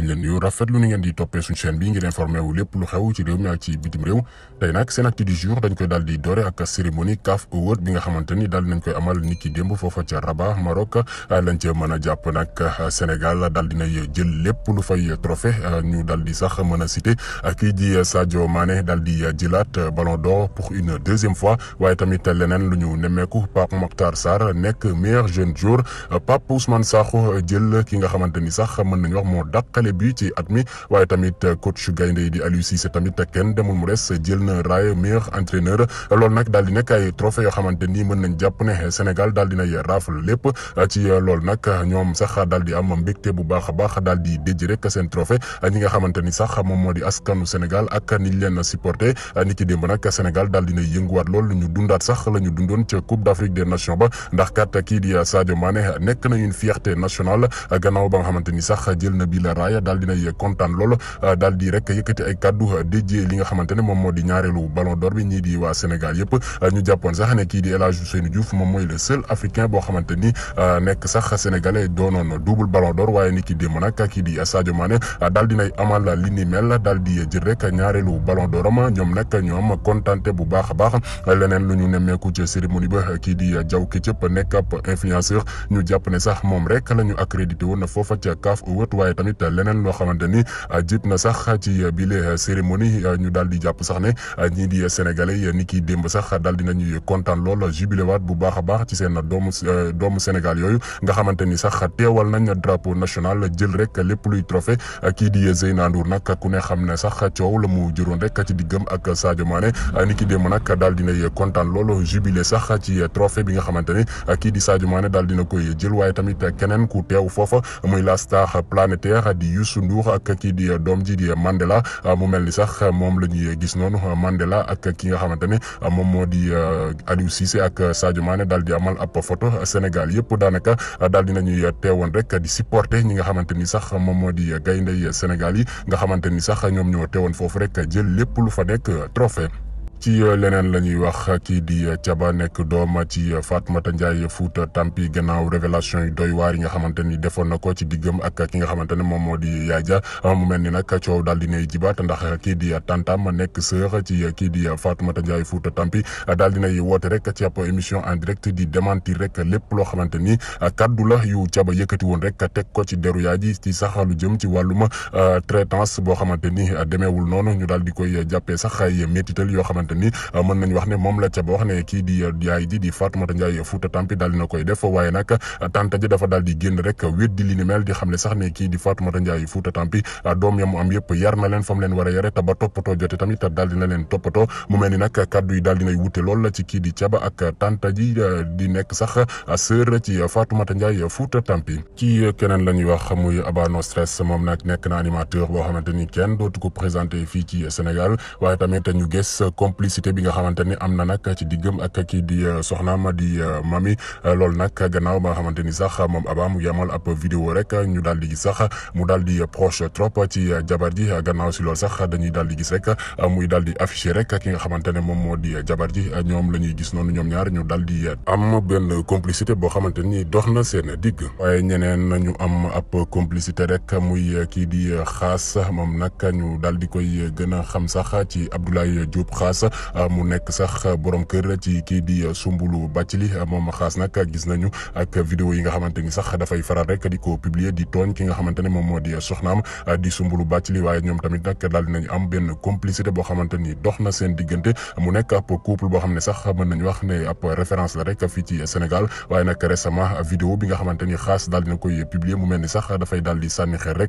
bu ñu leen nuyu rafetlu ni ngeen di toppee suñu chaîne bi ngir informé wu lépp lu xew ci réew mi ak ci bitim réew tey nag seen acte du jour dañ koy daal di doore ak cérémonie CAF Award bi nga xamante ni daal dinañ koy amal ni démb foofa ca Rabat Maroc lañ ca mën a jàpp nag Sénégal daal dina jël lépp lu fay trophée ñu daal di sax mën a cité kii di Sadio Mané daal di jëlaat Ballon d'Or pour une deuxième fois waaye tamit leneen lu ñu nemmeeku Pape Makhtar Sarr tournée bi ci at mi waaye tamit euh, coach gaynde yi di Aliou Cissé tamit kenn demul mu des jël na raay meilleur entraîneur loolu nag daal di nekk ay trophée yoo xamante mën nañ jàpp ne Sénégal daal dinay raafal lépp ci euh, loolu nag ñoom sax daal di am mbégte bu baax a baax daal di déj rek seen trophée ñi nga xamante ni sax moom moo di askanu Sénégal ak ni ñu leen supporté ni ki démb nag Sénégal daal dinay yënguwaat lool ñu dundaat sax la ñu dundoon ca Coupe d'Afrique ba ndax kat kii di Sadio Mané nekk nañu une fierté nationale gannaaw Ndiaye daal dinay kontaan lool euh, daal di rek yëkkati ay kàddu euh, déjee li nga xamante moom moo di ñaareelu ballon d'or bi ñii di waa Sénégal yëpp euh, ñu jàppoon sax di El Hadj Ousseynou Diouf moom mooy le seul africain boo xamante ni nekk sax sénégalais doonoon double ballon d'or ni ki démb nag kii di Sadio Mané daal dinay amal li ni mel daal di jël rek ñaareelu ballon d'oram na nag ñoo am kontaante bu baax a baax leneen lu ñu nemmeeku ci cérémonie ba kii di Diaw Ketchup nekk ab influenceur ñu jàpp ne sax moom rek la ñu foofa ca CAF waaye tamit leneen loo xamante ni ah, jib na sax ci bile cérémonie ah, ñu daal di jàpp sax ne ah, ñii di sénégalais ni kii démb sax daal di nañuy kontaan lool jubilé waat bu baax a baax ci seen doomu euh, doomu Sénégal yooyu nga xamante ni sax teewal nañ drapeau national jël rek lépp luy trophée kii di Zeyna Ndour nag ku ne xam ne sax coow la mu juróon rek ci diggam ak Sadio Mané ni ki démb nag daal dinay kontaan lool jubilé sax ci trophée bi nga xamante ni kii di Sadio Mané daal dina koy jël waaye tamit keneen ku teew foofa muy la star planétaire di Youssou Ndour ak kii di doom ji di Mandela mu mel ni sax moom la ñuy gis noonu Mandela ak ki nga xamante ne moom moo di euh, Aliou Cissé ak Sadio Mané daal di amal ab photo Sénégal yëpp daanaka daal di nañuy teewoon rek di supporter ñi nga xamante ni sax moom moo di yi Sénégal yi nga xamante ni sax ñoom ñoo teewoon foofu rek jël lépp lu fa nekk trophée ci euh, leneen la ñuy wax euh, kii di euh, Thiaba nekk doom ci Fatmata Ndiaye Fouta Tampi gannaaw révélation yu doy waar yi nga xamante ni defoon na ko ci diggam ak ki nga xamante ne moom moo di Yaye mel ni nag coow daal di nay jibaat ndax kii di tantam nekk sœur ci kii di Fatmata Ndiaye Fouta Tampi daal di nay woote rek ci ab émission en direct di démentir rek lépp loo xamante ni kaddu la yu Thiaba yëkkati woon rek teg ko ci deru Yaye Dia ci sax lu jëm ci wàllum traitance boo xamante ni demeewul noonu ñu daal di koy jàppee sax ay métital yoo xamante xamante ni ah, mën nañu wax ne moom la ca ba wax ne kii di yaay ji di Fatoumata Ndiaye Fouta Tampi daal dina koy def waaye nag ah, tante ji daal di génn rek weddi li ni mel di xam ne sax ne kii di Fatoumata Ndiaye Fouta Tampi ah, doom ya mu am yëpp yar na leen leen war a yare te ba toppatoo jote tamit dina leen toppatoo mu mel ni nag kaddu yi daal dinay wute lool la ci kii di caba ak tante ji di nekk sax sœur ci Fatoumata Ndiaye Fouta Tampi ci keneen la ñuy wax muy Aba No Stress moom nag nekk na animateur boo xamante ni kenn dootu ko présenté fii ci Sénégal waaye tamit ñu gis complicité bi nga xamante ni am na nag ci diggam ak kii di euh, ma di euh, mami euh, loolu nag gannaaw ba nga xamante ni sax moom Aba mu yamal ab vidéo rek ñu daal di gis sax mu daal di proche trop ci jabar ji gannaaw si lool sax dañuy daal di gis rek muy daal di affiché rek ki nga xamante ne moom moo di jabar ji ñoom la ñuy gis noonu ñoom ñaar ñu daal di am benn complicité boo xamante ni dox na seen digg waaye ñeneen ñu am ab complicité rek muy kii di xaas moom nag ñu dal di koy gën a xam sax ci Abdoulaye Euh, mu nekk sax borom kër ci kii di Soumboulou Bathily moom xaas nag gis nañu ak vidéo yi nga xamante ni sax dafay faral rek di ko publier di tooñ ki nga xamante ne moom moo di soxnaam euh, di Soumboulou Bathily waaye ñoom tamit nag daal dinañu am benn complicité boo xamante ni dox na seen diggante mu nekk ab couple boo xam ne sax mën nañu wax ne ab référence fii ci Sénégal waaye nag récemment vidéo bi nga xamante ni xaas daal dina koy publier mu mel ni sax dafay daal di sànni xeer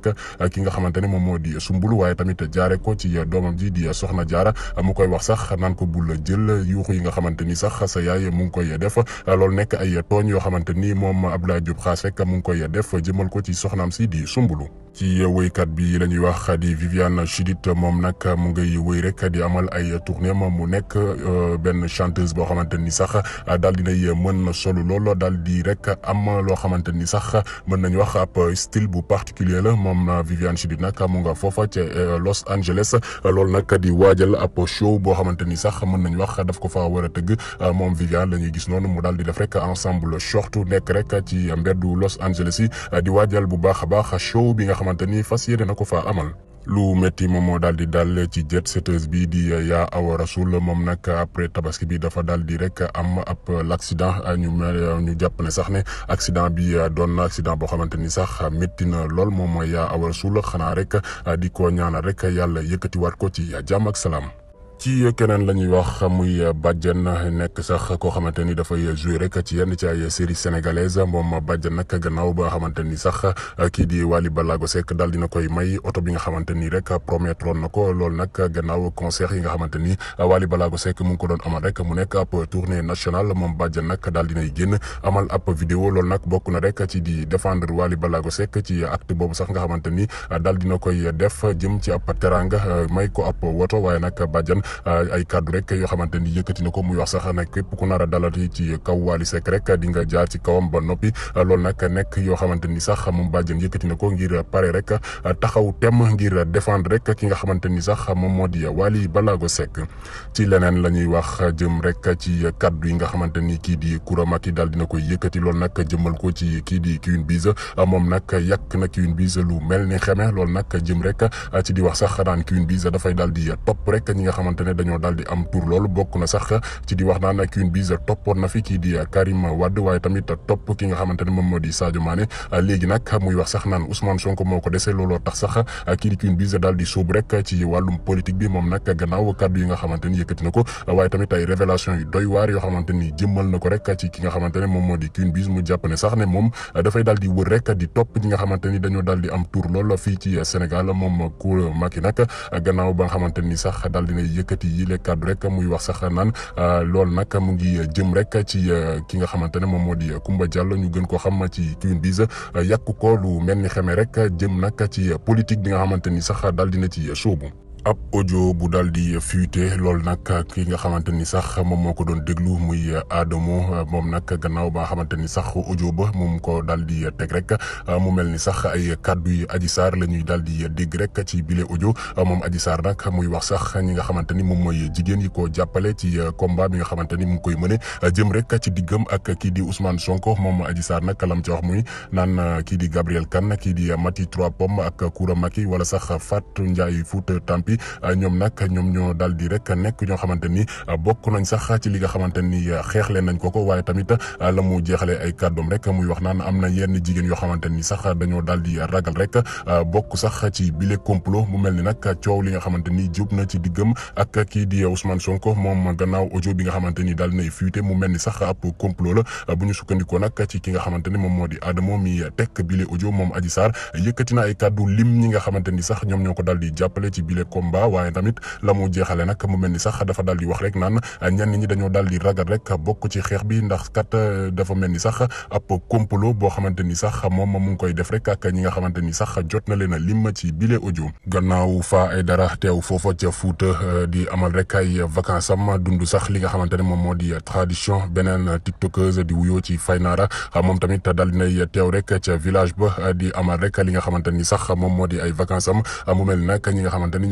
ki nga xamante ne moom moo di Soumboulou tamit jaare ko ci doomam ji di soxna jaara mu koy wax sax wax naan ko bul jël yuuxu yi nga xamante ni sax sa yaay mu ngi koy def lool nekk ay tooñ yoo xamante ni moom Abdoulaye Diop Khass rek mu ngi koy def a jëmal ko ci soxnaam si di Soumboulou ci kat bi la ñuy wax di Viviane Chidid moom nag mu ngay woy rek di amal ay tournée moom mu nekk euh, benn chanteuse boo xamante ni sax daal di nay mën solo lool daal di rek am loo xamante ni sax mën nañu wax ab style bu particulier la moom Viviane Chidid nag mu nga foofa ca euh, Los Angeles loolu nag di waajal ab show boo xamante ni sax mën nañ wax daf ko faa war tëgg euh, moom Viviane la ñuy gis noonu mu daal di def rek ensemble short nekk rek ci mbeddu Los Angeles waajal bu baax a baax xamante ni fas yéene na ko faa amal. lu métti moom moo daal di dal ci jet setteuse bi di yaa awa rasul moom nag après tabaski bi dafa dal di rek am ab l' accident ñu ñu jàpp ne sax ne accident bi doon na accident boo xamante ni sax métti na lool moom mooy yaa awa rasul xanaa rek di ko ñaana rek yàlla yëkkatiwaat ko ci jàmm ak salaam. ci keneen la ñuy wax muy Badiane nekk sax koo xamante ni dafay joué rek ci yenn ci ay série sénégalaise moom Badiane nag gannaaw ba nga xamante ni sax kii di Wally Ballago Seck daal dina koy may oto bi nga xamante ni rek promettroon na ko loolu nag gannaaw concert yi nga xamante ni Wally Ballago Seck mu ngi ko doon amal rek mu nekk ab tournée nationale moom Badiane nag daal dinay génn amal ab vidéo loolu nag bokk na rek ci di défendre Wally Ballago Seck ci acte boobu sax nga xamante ni daal dina koy def jëm ci ab teranga may ko ab woto waaye nag Badiane Euh, ay kaddu rek yoo xamante ni yëkkati na ko muy wax sax na képp ku nar a dalati ci kaw Wally Seck rek di nga jaar ci kawam ba noppi euh, loolu nag nekk yoo xamante ni sax moom bàjjen yëkkati na ko ngir pare rek euh, taxaw tem ngir défendre rek ki nga xamante ni sax moom moo di Wally Ballago Seck ci leneen la ñuy wax jëm rek ci kaddu yi nga xamante ni kii di Coura Macky daal dina koy yëkkati loolu nag jëmal ko ci kii di Queen Biz moom nag yàq na Queen Biz lu mel ni xeme loolu nag jëm rek ci di wax sax naan Queen Biz dafay dal di topp rek ñi nga xamante xamante ne dañoo daal di am tur loolu bokk na sax ci a wax moom moo di Sadio Mané léegi nag muy wax sax naan di ne moom yëkkati yi le kaddu rek muy wax sax naan euh, loolu nag mu ngi jëm rek ci euh, ki nga xamante ne moom moo di Kumba Diallo ñu gën ko xam ma ci Queen Biz yàqu ko lu mel ni xamee rek jëm nag ci politique bi nga xamante ni sax daal dina ci sóobu ab ojo bu daal di fuité loolu nag ki nga xamante ni sax moom moo ko doon déglu muy Adamo moom nag gannaaw ba xamante ni sax ojo ba moom ko daal di teg rek mu mel ni sax ay kàddu yi Adji Sarr la ñuy daal di dégg rek ci bile ojo moom aji Sarr nag muy wax sax ñi nga xamante ni moom mooy jigéen yi ko jàppale ci combat bi nga xamante ni mu ngi koy mëne jëm rek ci diggam ak kii di Ousmane Sonko moom Adji Sarr nag lam ci wax muy naan kii di Gabriel Kane kii di Mati Trois Pommes ak Koura Macky wala sax Fatou Ndiaye Fouta Tampi bi euh, ñoom nag ñoom ñoo daal di rek nekk ñoo xamante ni euh, bokk nañ sax ci li nga xamante ni euh, xeexle nañ ko ko waaye tamit la mu jeexalee ay kàddoom rek muy wax naan am na yenn jigéen yoo xamante ni sax dañoo daal di ragal rek bokk sax ci bile complot mu mel ni nag coow li nga xamante ni jub na ci diggam ak kii di Ousmane Sonko moom a gannaaw audio bi nga xamante ni daal nay fuité mu mel ni sax ab complot la bu ñu sukkandikoo ci ki nga xamante ni moom moo di Adamo mi tekk bile audio moom Adji Sarr yëkkati na ay kàddu lim ñi nga combat waaye tamit la mu jeexale nag mu mel ni sax dafa dal di wax rek naan ñenn ñi dañoo daal di ragal rek bokk ci xeex bi ndax kat euh, dafa mel ni sax ab complot boo xamante ni sax moom mu ngi koy def rek ak ñi nga xamante ni sax jot na leen a lim ci bile audio gannaaw fa ay dara teew foofa ca Fuuta euh, di amal rek ay vacances am dund sax li nga xamante ne moom moo di tradition beneen tiktokeuse di wuyoo ci Faynara moom tamit daal dinay teew rek ca village ba di amal rek li nga xamante ni sax moom moo di ay vacances am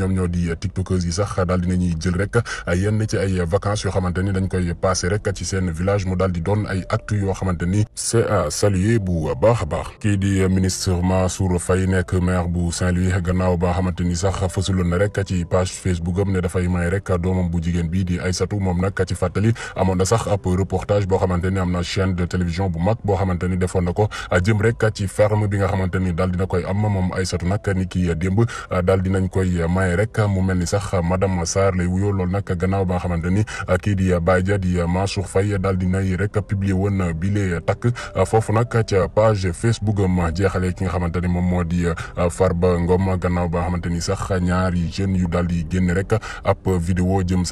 mu ñoo di tiktokers yi sax daal ñuy jël rek yenn ci ay vacances yoo xamante ni dañ koy passé rek ci seen village mu daal di doon ay actes yoo xamante ni c'est bu baax a baax. kii di ministre Mansour Faye nekk maire bu Saint-Louis gannaaw xamante ni sax fësuloon na rek ci page Facebook am ne dafay may rek doomam bu jigéen bii di satu moom nag ci fàttali amoon na sax ab reportage boo xamante ni am na chaîne de télévision bu mag boo xamante ni defoon na ko jëm rek ci ferme bi nga xamante ni daal dina koy am moom ay Aïssatou nag ni ki démb daal dinañ koy may rek. rek mu mel ni sax madame Sarr lay wuyoo loolu nag gannaaw ba nga xamante ni kii di Baye Dia di Mansour Faye daal di nay rek publier woon bile takk foofu nag ca page Facebook am jeexalee ki nga xamante ni moom moo di Farba Ngom gannaaw ba nga xamante ni sax ñaari jeunes yu daal di génn rek ab vidéo jëm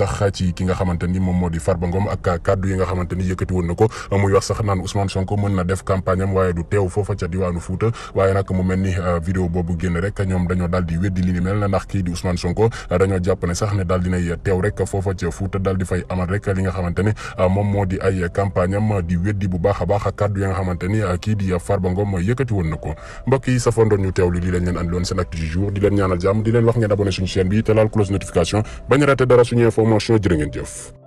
ki nga xamante ni moom moo di Farba Ngom ak kaddu yi nga xamante ni yëkkati woon na ko muy wax sax naan Ousmane Sonko mën na def campagne am waaye du teew foofa ca diwaanu Fouta waaye nag mu mel ni vidéo boobu génn rek ñoom dañoo daal di weddi li ni mel ndax kii di Ousmane Sonko dañoo jàpp ne sax ne daal dinay teew rek foofa ca Fuuta daal di fay amal rek li nga xamante ne ah, moom moo di ay campagne am di weddi bu baax a baax kàddu ya nga xamante ni ah, kii di Farba Ngom yëkkati woon na ko mbokk yi safandoon ñu teewlu li leen leen andi loon seen acte du jour di leen ñaanal jàmm di leen wax ngeen abonné suñu chaîne bi te laal close notification bañ a dara suñu information jërë jëf